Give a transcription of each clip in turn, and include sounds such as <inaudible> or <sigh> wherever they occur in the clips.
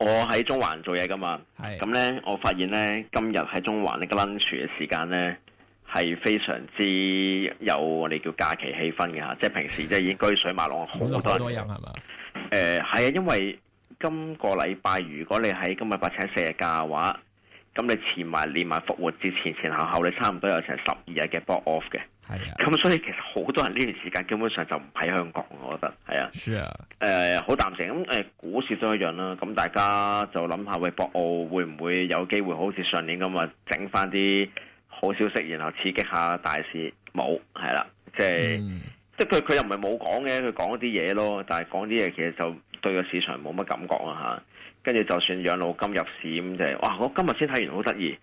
我喺中環做嘢噶嘛，咁咧是我發現咧今日喺中環呢個 lunch 嘅時間咧係非常之有我哋叫假期氣氛嘅嚇，即係平時即係已經居水馬龍好多人，好多人都係嘛。誒係啊，因為今個禮拜如果你喺今日八請四日假嘅話，咁你前埋連埋復活節前前後後你差唔多有成十二日嘅 block off 嘅。咁所以其實好多人呢段時間基本上就唔喺香港，我覺得係啊。誒，好淡定。咁誒，股市都一樣啦。咁大家就諗下，喂，博鰲會唔會有機會好似上年咁啊？整返啲好消息，然後刺激下大市。冇係啦，即係即係佢佢又唔係冇講嘅，佢講啲嘢咯。但係講啲嘢其實就對個市場冇乜感覺啊嚇。跟住就算養老金入市咁就係哇！我今日先睇完，好得意。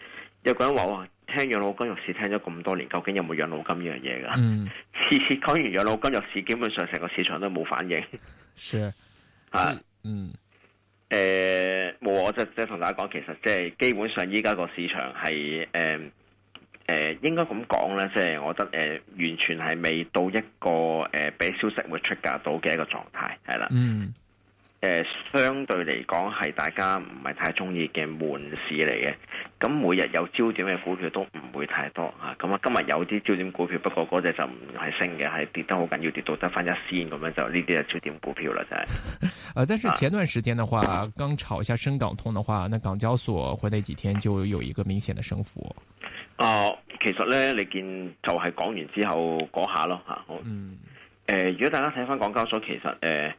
有個人話哇～聽養老金入市聽咗咁多年，究竟有冇養老金呢樣嘢噶？嗯，次次講完養老金入市，基本上成個市場都冇反應。係嗯，誒、嗯啊呃，我我就即係同大家講，其實即係基本上依家個市場係誒誒，應該咁講咧，即、就、係、是、我覺得誒、呃，完全係未到一個誒俾、呃、消息會出價到嘅一個狀態，係啦。嗯。誒、呃，相對嚟講係大家唔係太中意嘅悶市嚟嘅，咁每日有焦點嘅股票都唔會太多吓，咁啊今日有啲焦點股票，不過嗰隻就唔係升嘅，係跌得好緊要，跌到得翻一仙咁樣就，就呢啲就焦點股票啦，就係、是。誒，但是前段時間嘅話，啊、剛炒下深港通嘅話，那港交所喎，呢幾天就有一個明顯嘅升幅。哦、呃，其實咧，你見就係、是、講完之後嗰下咯吓、啊，好，誒、嗯呃，如果大家睇翻港交所，其實誒。呃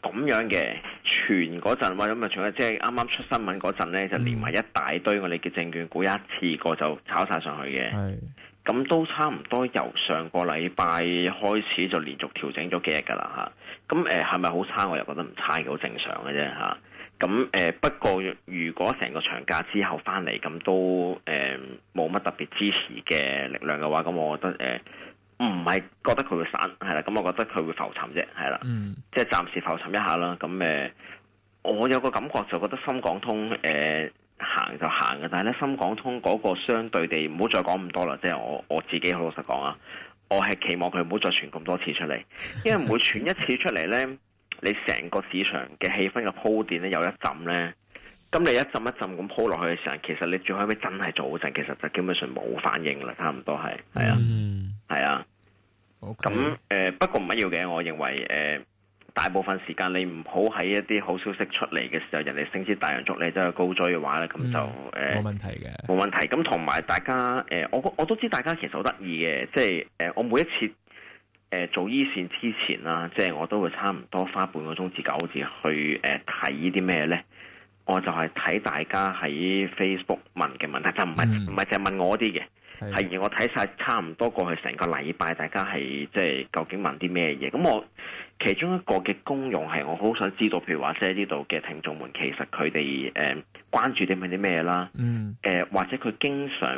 咁樣嘅全嗰陣話，咁啊，除咗即係啱啱出新聞嗰陣咧，嗯、就連埋一大堆我哋嘅證券股一次過就炒晒上去嘅。咁是都差唔多由上個禮拜開始就連續調整咗幾日㗎啦嚇。咁誒係咪好差？我又覺得唔差嘅，好正常嘅啫嚇。咁、啊、誒、呃、不過如果成個長假之後翻嚟咁都誒冇乜特別支持嘅力量嘅話，咁我覺得誒。呃唔係覺得佢會散，係啦，咁我覺得佢會浮沉啫，係啦，嗯、即係暫時浮沉一下啦。咁誒、呃，我有個感覺就覺得深港通誒、呃、行就行嘅，但係咧深港通嗰個相對地，唔好再講咁多啦。即、就、係、是、我我自己好老實講啊，我係期望佢唔好再傳咁多次出嚟，因為每傳一次出嚟咧， <laughs> 你成個市場嘅氣氛嘅鋪墊咧有一浸咧。咁你一浸一浸咁鋪落去嘅時候，其實你最後尾真係做嗰陣，其實就基本上冇反應啦，差唔多係，係、嗯、啊，係、嗯、啊。咁誒 Okay.、呃，不過唔緊要嘅，我認為誒、呃，大部分時間你唔好喺一啲好消息出嚟嘅時候，人哋升至大陽燭，你真係高追嘅話咧，咁就誒冇、嗯呃、問題嘅，冇問題。咁同埋大家誒、呃，我我都知大家其實好得意嘅，即係誒，我每一次誒、呃、做一線之前啦，即、就、係、是、我都會差唔多花半個鐘至九字去誒睇啲咩咧。我就係睇大家喺 Facebook 問嘅問題，就唔係唔係淨係問我啲嘅，係的而我睇晒差唔多過去成個禮拜，大家係即係究竟問啲咩嘢？咁我其中一個嘅功用係我好想知道，譬如話即係呢度嘅聽眾們，其實佢哋誒關注啲咩啲咩啦？誒、嗯呃、或者佢經常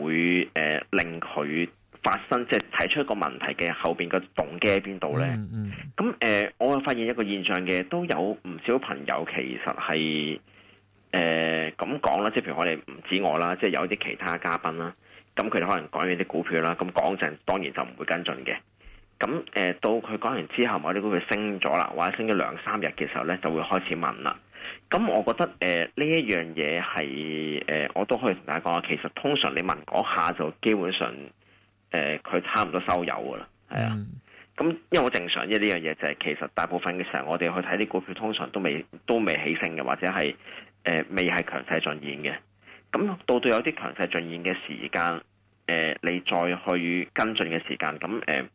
會誒、呃、令佢發生即係提出一個問題嘅後邊個動機喺邊度咧？咁誒、嗯嗯呃，我發現一個現象嘅，都有唔少朋友其實係。誒，咁講啦，即係譬如我哋唔止我啦，即係有啲其他嘉賓啦，咁佢哋可能講完啲股票啦，咁講陣當然就唔會跟進嘅。咁誒、呃，到佢講完之後，某啲股票升咗啦，或者升咗兩三日嘅時候咧，就會開始問啦。咁我覺得誒呢一樣嘢係誒，我都可以同大家講下。其實通常你問嗰下就基本上誒，佢，呃、差唔多收油㗎啦，係啊。咁，嗯，因為我正常呢呢樣嘢就係，其實大部分嘅時候我哋去睇啲股票，通常都未都未起升嘅，或者係。誒、呃，未係強勢上演嘅，咁到到有啲強勢上演嘅時間，誒、呃，你再去跟進嘅時間，咁、呃、誒，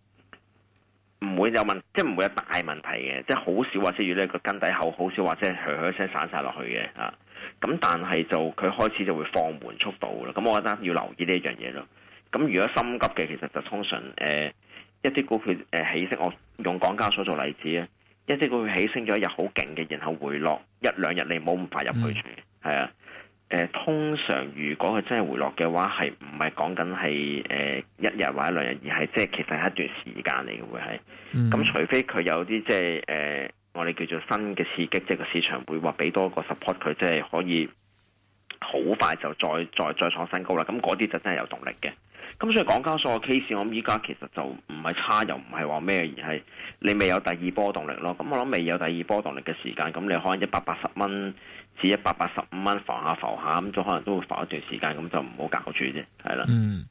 唔會有問題，即係唔會有大問題嘅，即係好少或者係要咧個根底厚，好少或者係噓噓聲散晒落去嘅啊，咁但係就佢開始就會放緩速度啦，咁我覺得要留意呢一樣嘢咯，咁如果心急嘅，其實就通常誒、呃、一啲股票誒起色，我用港交所做例子啊。一啲佢起升咗一日好勁嘅，然後回落一兩日，你冇咁快入去住，係啊？誒，通常如果佢真係回落嘅話，係唔係講緊係誒一日或者兩日，而係即係其實係一段時間嚟嘅會係。咁、mm. 除非佢有啲即係誒，我哋叫做新嘅刺激，即係個市場會話俾多個 support 佢，即、就、係、是、可以。好快就再再再創新高啦！咁嗰啲就真係有動力嘅。咁所以港交所嘅 case 我諗依家其實就唔係差，又唔係話咩，而係你未有第二波動力咯。咁我諗未有第二波動力嘅時間，咁你可能一百八十蚊，至一百八十五蚊浮下浮下咁，就可能都會浮一段時間，咁就唔好搞住啫。係啦。嗯，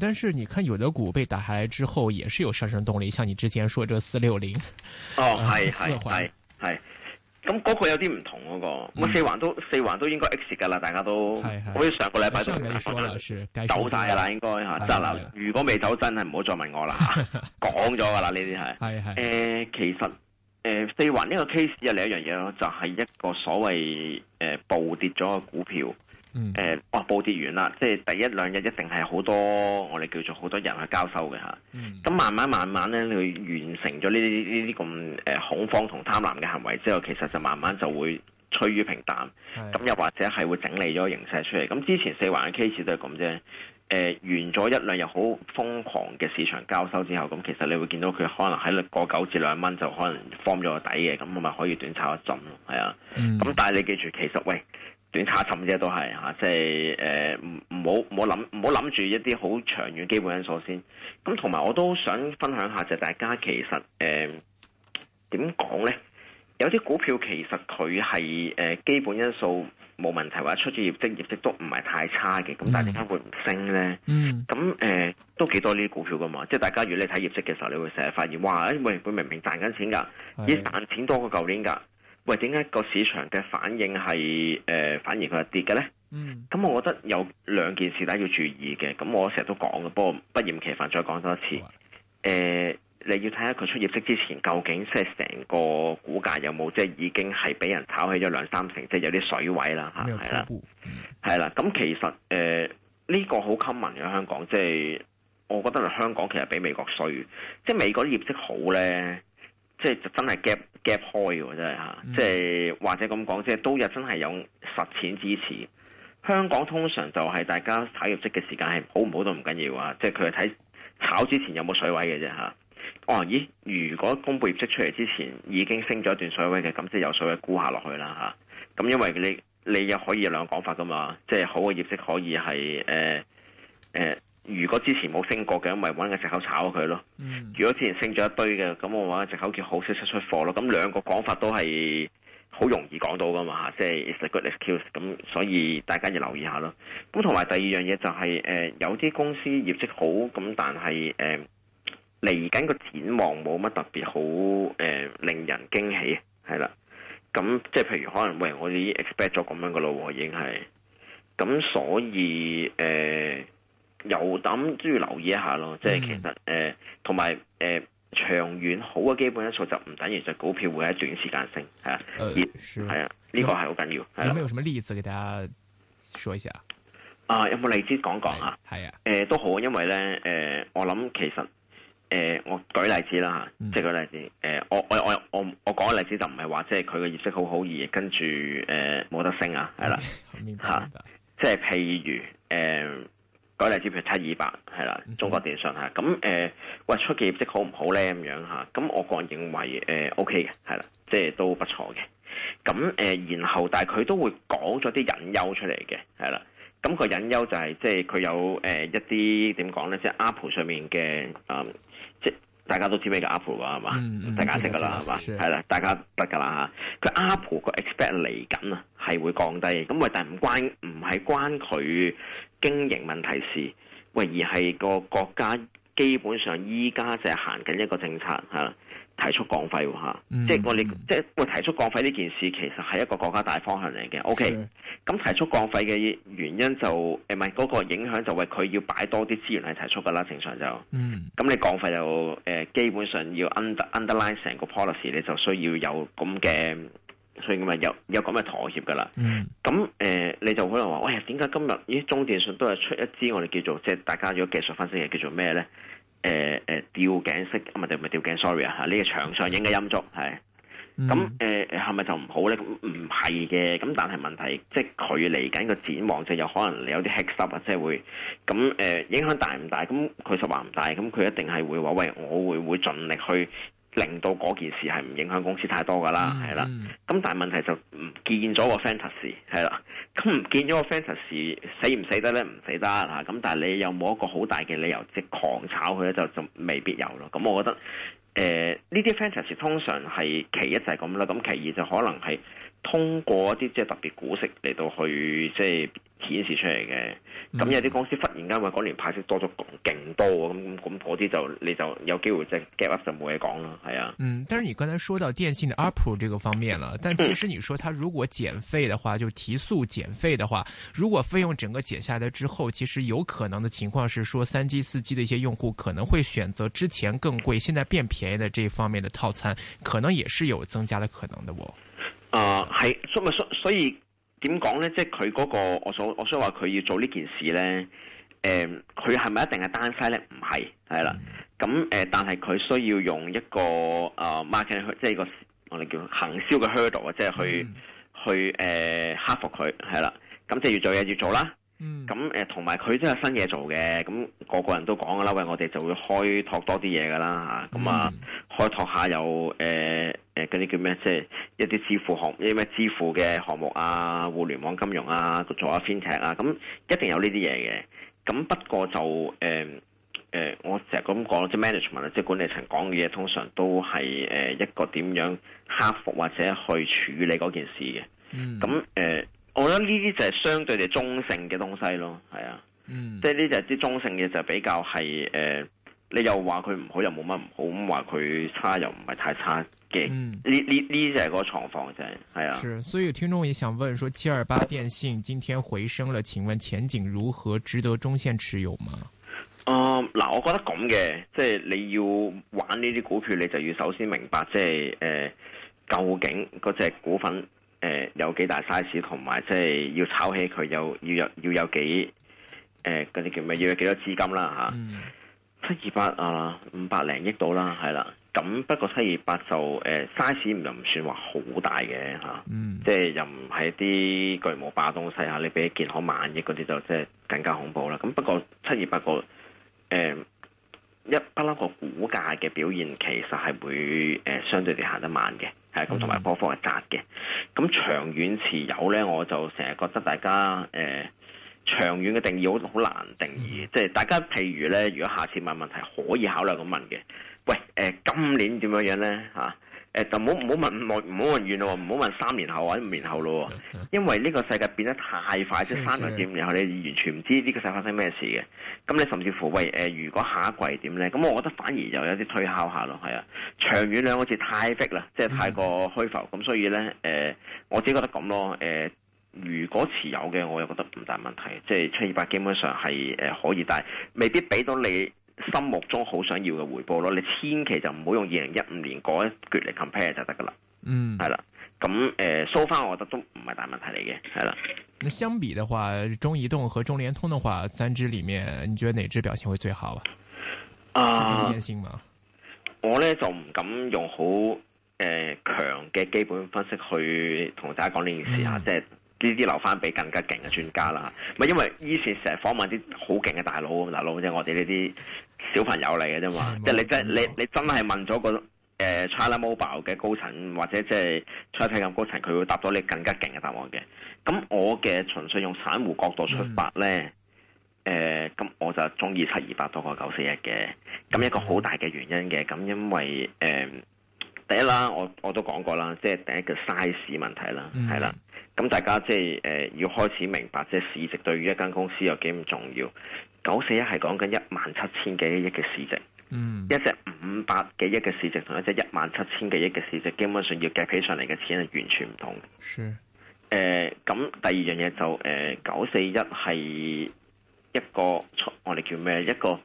但是你看，有的股被打開之後，也是有上升動力。像你之前說，這四六零。哦，係係係。四環。咁嗰個有啲唔同嗰個，咁、嗯、四環都四環都應該 X 㗎喇，大家都，係係好似上個禮拜就講咗，走晒喇應該吓，真係啦，係係係如果未走真係唔好再問我啦嚇，講咗㗎喇呢啲係，係係，誒係、呃、其實誒、呃、四環呢個 case 又另一樣嘢咯，就係、係、一個所謂誒、呃、暴跌咗嘅股票。誒，哇、嗯！暴跌、呃哦、完啦，即係第一兩日一定係好多，我哋叫做好多人去交收嘅嚇。咁、嗯、慢慢慢慢咧，你完成咗呢啲呢啲咁誒恐慌同貪婪嘅行為之後，其實就慢慢就會趨於平淡。咁又是的 或者係會整理咗形勢出嚟。咁之前四環嘅 case 都係咁啫。誒、呃，完咗一兩日好瘋狂嘅市場交收之後，咁其實你會見到佢可能喺度過九至兩蚊就可能 form 咗底嘅，咁我咪可以短炒一陣咯，啊。咁、嗯嗯、但係你記住，其實喂。短差甚啫，都係嚇，即係誒，唔唔好唔好諗唔好諗住一啲好長遠基本因素先。咁同埋我都想分享下，就係、大家其實誒點講咧？有啲股票其實佢係誒基本因素冇問題，或者出咗業績，業績都唔係太差嘅。咁但係點解會唔升咧？咁誒、嗯呃、都幾多呢啲股票噶嘛？即係大家如果你睇業績嘅時候，你會成日發現哇！誒，喂，佢明明賺緊錢㗎，咦的，賺錢多過舊年㗎。喂，點解個市場嘅反應係誒、呃，反而佢係跌嘅咧？咁、嗯、我覺得有兩件事大家要注意嘅。咁我成日都講嘅，不過不厭其煩再講多一次。誒、嗯呃，你要睇下佢出業績之前，究竟即係成個股價有冇即係已經係俾人炒起咗兩三成，即、就、係、是、有啲水位啦吓，係啦，係啦。咁其實誒，呢、呃這個好 common 嘅香港，即、就、係、是、我覺得香港其實比美國衰。即、就、係、是、美國啲業績好咧。即係就真係 gap gap 開喎，真係嚇！即係或者咁講，即係都有真係有實踐支持。香港通常就係大家炒業績嘅時間係好唔好都唔緊要啊！即係佢係睇炒之前有冇水位嘅啫嚇。哦、啊，咦？如果公布業績出嚟之前已經升咗一段水位嘅，咁即係有水位估下落去啦嚇。咁、啊、因為你你又可以有兩個講法㗎嘛？即係好嘅業績可以係誒誒。呃呃如果之前冇升過嘅，咪揾個藉口炒佢咯。嗯、如果之前升咗一堆嘅，咁我揾個藉口叫好消息出出貨咯。咁兩個講法都係好容易講到噶嘛，即係 It's a good excuse。咁所以大家要留意下咯。咁同埋第二樣嘢就係、是、誒、呃，有啲公司業績好咁，但係誒嚟緊個展望冇乜特別好誒、呃，令人驚喜係啦。咁即係譬如可能喂我哋 expect 咗咁樣噶咯已經係咁，所以誒。呃又膽都要留意一下咯，即係其實誒，同埋誒，長遠好嘅基本因素就唔等於就股票會喺短時間升，係啊，係、呃、啊，呢個係好緊要，係啦。有冇什麼例子給大家說一下？啊，有冇例子講講啊？係誒、呃，都好，因為咧誒、呃，我諗其實誒、呃，我舉例子啦吓，嗯、即係舉例子，誒、呃，我我我我我講嘅例子就唔係話即係佢嘅業績好好而跟住誒冇得升啊，係啦吓，即係譬如誒。舉例隻票七二八，係啦，中國電信嚇，咁誒，喂 Okay.、呃、出業績好唔好咧？咁樣嚇，咁我個人認為誒 O K 嘅，係、呃、啦，即係都不錯嘅。咁誒、呃，然後但係佢都會講咗啲隱憂出嚟嘅，係啦。咁個隱憂就係即係佢有誒一啲點講咧，即係 Apple 上面嘅啊、呃，即係大家都知咩叫 Apple 嘅係嘛，大家識嘅啦係嘛，係啦，大家得嘅啦嚇。佢 Apple 個 expect 嚟緊啊，係會降低。咁啊，但係唔關唔係關佢。Hmm. Mm hmm. 經營問題是，喂而係個國家基本上依家就係行緊一個政策嚇、啊，提速降費喎即係我哋，嗯、即係喂提速降費呢件事其實係一個國家大方向嚟嘅。OK，咁提速降費嘅原因就誒唔係嗰個影響就係佢要擺多啲資源去提速噶啦正常就，咁、嗯、你降費就誒、呃、基本上要 under, underline 成個 policy 你就需要有咁嘅。所以咁咪有有咁嘅妥協噶啦。咁誒、mm hmm. 呃，你就可能話：喂，點解今日咦，中電信都係出一支我哋叫做即係大家如果技術分析嘅叫做咩咧？誒、呃、誒，吊頸式啊，唔係唔係吊頸，sorry 啊，嚇、這個 mm hmm. 呃、呢個長上影嘅陰燭係。咁誒係咪就唔好咧？唔係嘅。咁但係問題即係佢嚟緊個展望就有可能你有啲 hit up 啊，即係會咁誒影響大唔大？咁佢實話唔大。咁佢一定係會話喂，我會會盡力去。令到嗰件事係唔影響公司太多㗎啦，係啦、mm。咁、hmm. 但係問題就唔見咗個 fantasy 係啦，咁唔見咗個 fantasy 死唔死得咧？唔死得嚇。咁但係你有冇一個好大嘅理由即狂炒佢咧？就就未必有咯。咁、嗯、我覺得誒，呢、呃、啲 fantasy 通常係其一就係咁啦。咁其二就可能係通過一啲即係特別股息嚟到去即係。顯示出嚟嘅，咁有啲公司忽然間話嗰年派息多咗勁多，咁咁嗰啲就你就有機會即係 gap up 就冇嘢講咯，係啊。嗯，嗯但是你剛才說到電信嘅 Apple 這個方面啦，但其實你說佢如果減費的話，就提速減費的話，如果費用整個減下來之後，其實有可能嘅情況是，說三 G 四 G 的一些用戶可能會選擇之前更貴，現在變便宜的這方面的套餐，可能也是有增加的可能的喎、哦。啊、呃，係，所以。所以點講咧？即係佢嗰個，我想我所以話佢要做呢件事咧，誒、呃，佢係咪一定係單車咧？唔係，係啦。咁誒、mm hmm. 呃，但係佢需要用一個誒、呃、market 即係個我哋叫行銷嘅 hurdle 啊，即係、mm hmm. 去去誒克服佢，係啦。咁即係要做嘢，要做啦。嗯，咁誒同埋佢真係新嘢做嘅，咁、那個個人都講噶啦，喂，我哋就會開拓多啲嘢噶啦嚇，咁啊、嗯、開拓下有誒誒嗰啲叫咩，即係一啲支付項，一啲咩支付嘅項目啊，互聯網金融啊，做下 fintech 啊，咁一定有呢啲嘢嘅。咁不過就誒誒、呃呃，我成日咁講，即係 management 即係管理層講嘅嘢，通常都係誒一個點樣克服或者去處理嗰件事嘅。咁誒。我覺得呢啲就係相對嘅中性嘅東西咯，係啊，嗯、即係呢啲係啲中性嘅就比較係誒、呃，你又話佢唔好又冇乜唔好，咁話佢差又唔係太差嘅，呢呢呢就係個狀況就係係啊。所以有聽眾也想問說，七二八電信今天回升了，請問前景如何？值得中線持有嗎？嗯，嗱，我覺得咁嘅，即係你要玩呢啲股票，你就要首先明白，即係誒、呃，究竟嗰隻股份。誒，有幾大 size，同埋即係要炒起佢有要有要有幾誒啲叫咩？要有幾多資金啦吓，七二八啊，五百零億到啦，係啦、啊。咁不過七二八就誒 size 唔又唔算話好大嘅吓，即係又唔係啲巨無霸東西吓。你俾健康可萬億嗰啲就即係更加恐怖啦。咁不過七二八個誒、呃、一不嬲個股價嘅表現其實係會誒、呃、相對地行得慢嘅。係咁，同埋、嗯、波幅係窄嘅。咁長遠持有咧，我就成日覺得大家誒、呃、長遠嘅定義好好難定義，嗯、即係大家譬如咧，如果下次問問題可以考慮咁問嘅。喂，誒、呃，今年點樣樣咧？吓、啊。誒就唔好問，唔好問遠咯，唔好問三年後或者五年後咯，因為呢個世界變得太快，是是即係三年點，然後你完全唔知呢個世界發生咩事嘅。咁你甚至乎喂，誒、呃，如果下一季點咧？咁我覺得反而又有啲推敲下咯，係啊，長遠兩個字太逼啦，即係太過虛浮。咁、嗯、所以咧誒、呃，我自己覺得咁咯。誒、呃，如果持有嘅，我又覺得唔大問題，即係七二八基本上係誒、呃、可以，但係未必俾到你心目中好想要嘅回報咯，你千祈就唔好用二零一五年嗰一橛嚟 compare 就得噶啦。嗯，係啦。咁、呃、誒，so far，我覺得都唔係大問題嚟嘅。係啦。相比嘅話，中移動和中聯通嘅話，三支裡面，你覺得哪支表現會最好啊？啊！星我咧就唔敢用好誒強嘅基本分析去同大家講呢件事啊，嗯、即係呢啲留翻俾更加勁嘅專家啦。咪因為以前成日訪問啲好勁嘅大佬咁嗱，老即係我哋呢啲。小朋友嚟嘅啫嘛，即係你真你你真係問咗、那個誒 China Mobile 嘅高層或者即係 China Telecom 高層，佢、就是、會答到你更加勁嘅答案嘅。咁我嘅純粹用散戶角度出發咧，誒咁、嗯呃、我就中意七二八多過九四一嘅。咁一個好大嘅原因嘅，咁因為誒、呃、第一啦，我我都講過啦，即係第一,一個 size 問題啦，係、嗯、啦。咁大家即係誒、呃、要開始明白，即係市值對於一間公司有幾咁重要。九四一係講緊一萬七千幾億嘅市值，嗯、一隻五百幾億嘅市值同一隻一萬七千幾億嘅市值，基本上要計起上嚟嘅錢係完全唔同嘅。誒是，咁、呃、第二樣嘢就誒，九四一係一個我哋叫咩？一個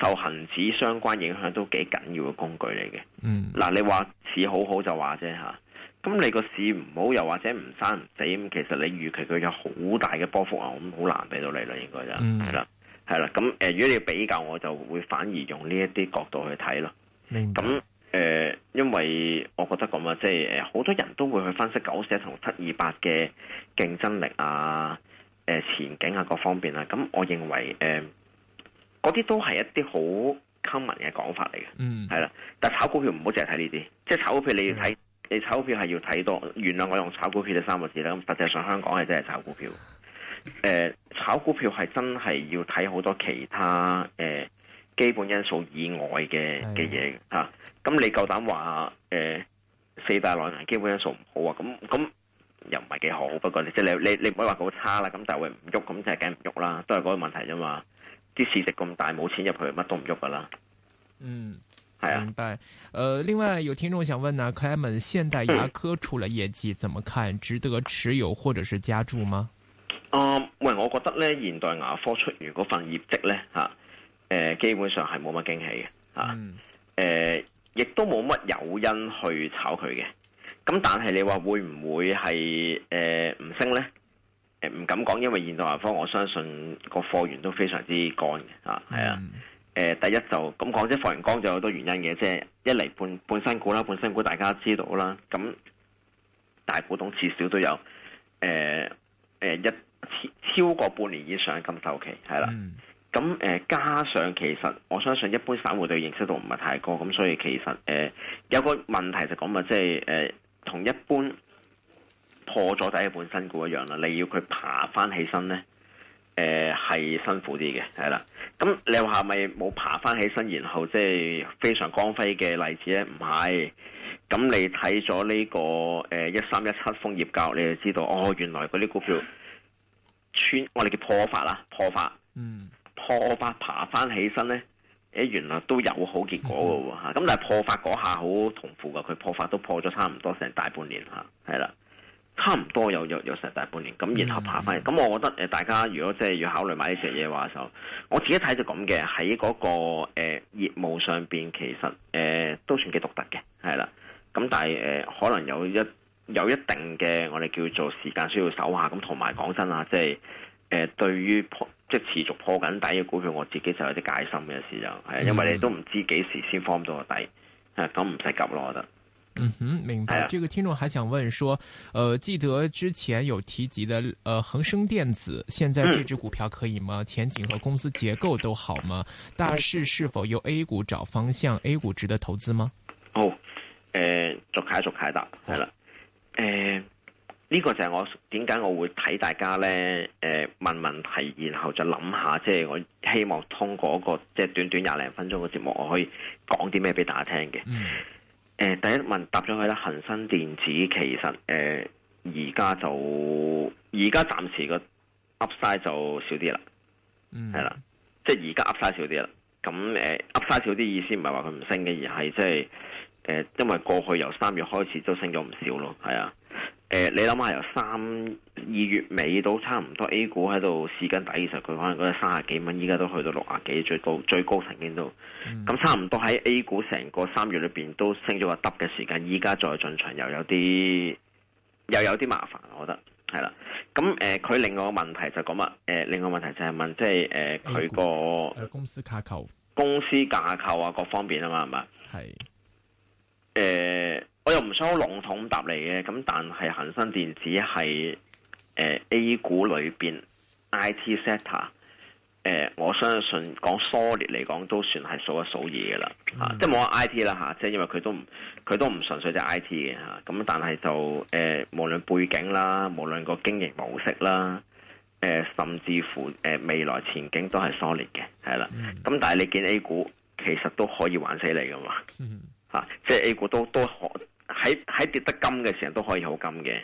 受恒指相關影響都幾緊要嘅工具嚟嘅。嗯，嗱，你話市好好就話啫吓，咁、啊、你個市唔好又或者唔生唔死，咁其實你預期佢有好大嘅波幅啊，咁好難俾到你啦，應該就係啦。嗯係啦，咁誒、呃，如果你要比較，我就會反而用呢一啲角度去睇咯。明白。咁誒、呃，因為我覺得咁啊，即係誒好多人都會去分析九四一同七二八嘅競爭力啊、誒、呃、前景啊各方面啦、啊。咁我認為誒，嗰、呃、啲都係一啲好 common 嘅講法嚟嘅。嗯。係啦，但炒股票唔好淨係睇呢啲，即係炒股票你要睇，嗯、你炒股票係要睇多。原諒我用炒股票嘅三個字啦。咁實際上香港係真係炒股票。誒，uh, 炒股票係真係要睇好多其他誒、呃、基本因素以外嘅嘅嘢吓。咁、uh, 啊、你夠膽話誒四大內銀基本因素唔好啊？咁咁又唔係幾好，不過即係你你你唔可以話佢好差啦。咁但係會唔喐，咁就梗唔喐啦，都係嗰個問題啫嘛。啲市值咁大，冇錢入去，乜都唔喐噶啦。嗯，係啊，明白誒、呃，另外有聽眾想問啊，Clement 現代牙科出了業績，怎麼看？嗯、值得持有或者是加注嗎？啊，喂、呃！我覺得咧，現代牙科出完嗰份業績咧，吓，誒，基本上係冇乜驚喜嘅，吓、啊，誒、嗯呃，亦都冇乜誘因去炒佢嘅。咁但係你話會唔會係誒唔升咧？誒、呃，唔敢講，因為現代牙科，我相信個貨源都非常之乾嘅，啊，係啊。誒，第一就咁講，即係貨源乾就有好多原因嘅，即係一嚟半半新股啦，半新股大家知道啦，咁大股東至少都有，誒、呃、誒、呃、一。超過半年以上，咁周期係啦，咁誒、嗯呃、加上其實我相信一般散戶對認識度唔係太高，咁所以其實誒、呃、有個問題就咁啊，即係誒同一般破咗底嘅本身股一樣啦，你要佢爬翻起身咧，誒、呃、係辛苦啲嘅係啦。咁你話係咪冇爬翻起身，然後即係非常光輝嘅例子咧？唔係，咁你睇咗呢個誒一三一七楓葉教育，你就知道哦，原來嗰啲股票。穿我哋叫破發啦，破發，破發、嗯、破發爬翻起身咧，誒原來都有好結果㗎喎，咁、嗯、但係破發嗰下好痛苦㗎，佢破發都破咗差唔多成大半年嚇，係啦，差唔多有有有成大半年，咁然後爬翻嚟，咁、嗯嗯、我覺得誒大家如果即係要考慮買呢隻嘢嘅話就，我自己睇就咁嘅，喺嗰、那個誒、呃、業務上邊其實誒、呃、都算幾獨特嘅，係啦，咁但係誒、呃、可能有一。有一定嘅，我哋叫做時間需要守下。咁同埋講真啊，即係誒，對於即係持續破緊底嘅股票，我自己就有啲戒心嘅事就係因為你都唔知幾時先 form 到個底，誒，咁唔使急咯。我覺得。嗯哼，明白。這個聽眾還想問說，誒，記得之前有提及的，誒，恒生電子，現在這支股票可以嗎？前景和公司結構都好嗎？大市是否由 A 股找方向？A 股值得投資嗎？哦，誒，仲係仲係得係啦。誒，呢個就係我點解我會睇大家咧？誒，問問題然後就諗下，即係我希望通過一個即係短短廿零分鐘嘅節目，我可以講啲咩俾大家聽嘅。嗯，誒，第一問答咗佢啦，恒生電子其實誒，而家就而家暫時個 Upside 就少啲啦，嗯，係啦，即係而家 Upside 少啲啦。咁誒，Upside 少啲意思唔係話佢唔升嘅，而係即係。誒，因為過去由三月開始都升咗唔少咯，係啊。誒、呃，你諗下由三二月尾到差唔多 A 股喺度試緊底，其實佢可能得三十幾蚊，依家都去到六啊幾，最高最高曾經都咁，嗯、差唔多喺 A 股成個三月裏邊都升咗個得嘅時間。依家再進場又有啲又有啲麻煩，我覺得係啦。咁誒、啊，佢、呃、另外個問題就講、是、乜？誒、呃，另外個問題就係問，即係誒佢個、呃、公司架構、公司架構啊，各方面啊嘛，係嘛？係。誒、呃，我又唔想好籠統咁答你嘅，咁但係恆生電子係誒、呃、A 股裏邊 IT sector，、呃、我相信講 solid 嚟講都算係數一數二噶啦，吓、啊 mm hmm. 即係冇話 IT 啦吓、啊，即係因為佢都唔佢都唔純粹 IT、啊、就 IT 嘅吓，咁但係就誒無論背景啦，無論個經營模式啦，誒、呃、甚至乎誒、呃、未來前景都係 solid 嘅，係啦，咁、mm hmm. 但係你見 A 股其實都可以玩死你噶嘛。Mm hmm. 即係 A 股都都可喺喺跌得金嘅時候都可以有金嘅。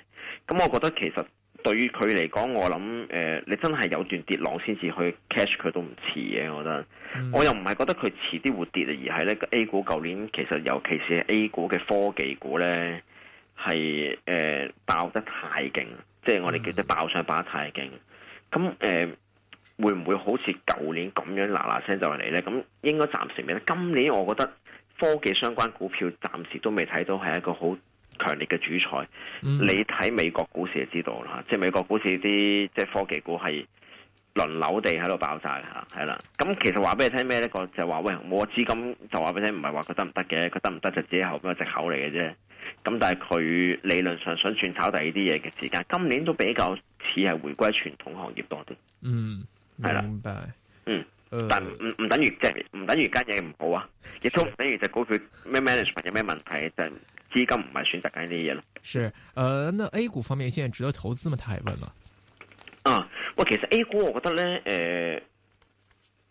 咁我覺得其實對於佢嚟講，我諗誒、呃，你真係有段跌浪先至去 cash 佢都唔遲嘅。我覺得，嗯、我又唔係覺得佢遲啲會跌，而係呢 A 股舊年其實尤其是 A 股嘅科技股呢，係誒、呃、爆得太勁，嗯、即係我哋叫得爆上爆得太勁。咁誒、呃、會唔會好似舊年咁樣嗱嗱聲就嚟呢？咁應該暫時未。今年我覺得。科技相關股票暫時都未睇到係一個好強烈嘅主菜，嗯、你睇美國股市就知道啦，即係美國股市啲即係科技股係輪流地喺度爆炸吓，係啦。咁其實話俾你聽咩呢？我就話喂，冇資金就話俾你聽，唔係話佢得唔得嘅，佢得唔得就只係後邊嘅借口嚟嘅啫。咁但係佢理論上想轉炒第二啲嘢嘅時間，今年都比較似係回歸傳統行業多啲，嗯。嗯，係啦。嗯。呃、但唔唔等於即係唔等於間嘢唔好啊！是亦都唔等於就講佢咩 management 有咩問題，就資金唔係選擇緊呢啲嘢咯。是，呃，那 A 股方面，現在值得投資嗎？他也問啦。啊、呃，喂、呃呃，其實 A 股我覺得咧，誒、呃，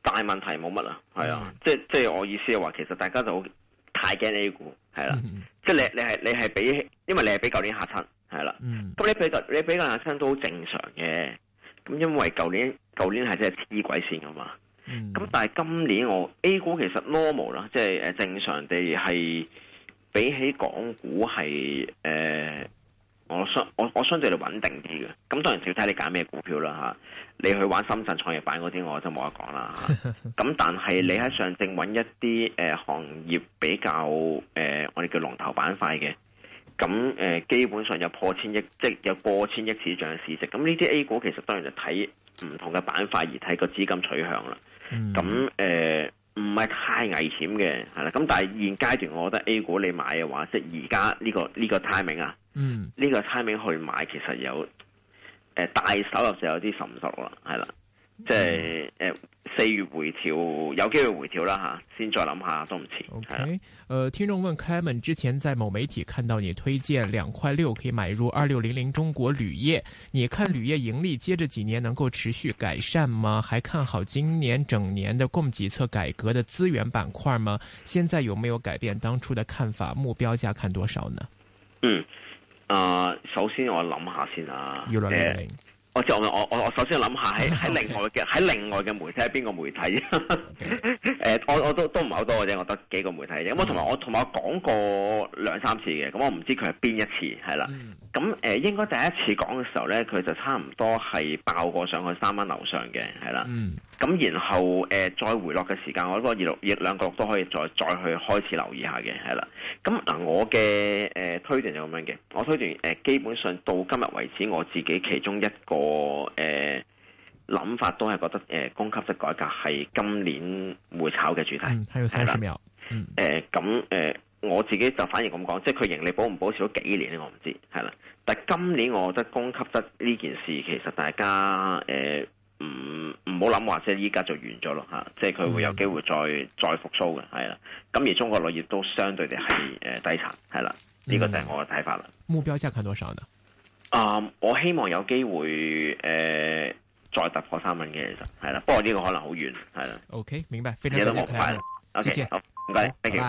大問題冇乜啦。係啊、哎呀，即係即係我意思係話，其實大家就好太驚 A 股係啦。即係、嗯、哼你你係你係俾，因為你係俾舊年吓親係啦。咁、嗯、你俾舊你俾舊年吓親都好正常嘅。咁因為舊年舊年係真係黐鬼線噶嘛。咁、嗯、但係今年我 A 股其實 normal 啦，即係誒正常地係比起港股係誒、呃、我相我我相對嚟，穩定啲嘅。咁當然要睇你揀咩股票啦吓、啊，你去玩深圳創業板嗰啲，我真冇得講啦。咁但係你喺上證搵一啲誒、呃、行業比較誒、呃、我哋叫龍頭板塊嘅，咁誒、呃、基本上有破千億，即有過千億以上嘅市值。咁呢啲 A 股其實當然就睇唔同嘅板塊而睇個資金取向啦。咁誒，唔係、嗯呃、太危險嘅係啦。咁但係現階段，我覺得 A 股，你買嘅話，即係而家呢個呢、這個 timing 啊、呢、嗯、個 timing 去買，其實有誒、呃、大手入就有啲滲熟啦，係啦。即係誒，四、呃、月回調有機會回調啦吓，先再諗下都唔遲。OK，誒、呃，聽眾問 Clement，之前在某媒體看到你推薦兩塊六可以買入二六零零中國鋁業，你看鋁業盈利接着幾年能夠持續改善嗎？還看好今年整年的供給側改革的資源板塊嗎？現在有沒有改變當初的看法？目標價看多少呢？嗯，啊、呃，首先我諗下先啊，我我，我首先諗下喺喺另外嘅喺另外嘅媒體係邊個媒體？誒、 <laughs> 呃，我我都都唔係好多嘅啫，我得幾個媒體啫。咁我同埋、嗯、我同埋我講過兩三次嘅，咁我唔知佢係邊一次係啦。咁誒、嗯呃，應該第一次講嘅時候咧，佢就差唔多係爆過上去三蚊樓上嘅，係啦。嗯咁然後誒、呃、再回落嘅時間，我覺得二六亦兩個六都可以再再去開始留意下嘅，係啦。咁嗱，我嘅誒推斷就咁樣嘅。我推斷誒、呃、基本上到今日為止，我自己其中一個誒諗、呃、法都係覺得誒、呃、供給質改革係今年會炒嘅主題，係啦、嗯。誒咁誒，我自己就反而咁講，即係佢盈利保唔保持咗幾年咧，我唔知係啦。但係今年我覺得供給質呢件事其實大家誒。呃呃呃唔唔好諗話即係依家就完咗咯吓，即係佢會有機會再再復蘇嘅係啦。咁而中國內銀都相對地係誒低殘係啦，呢、這個就係我嘅睇法啦。目標價看多少呢？啊、嗯，我希望有機會誒、呃、再突破三蚊嘅，其實係啦，不過呢個可能好遠係啦。OK，明白，非常之感，感謝，唔該 Okay，謝謝，再見。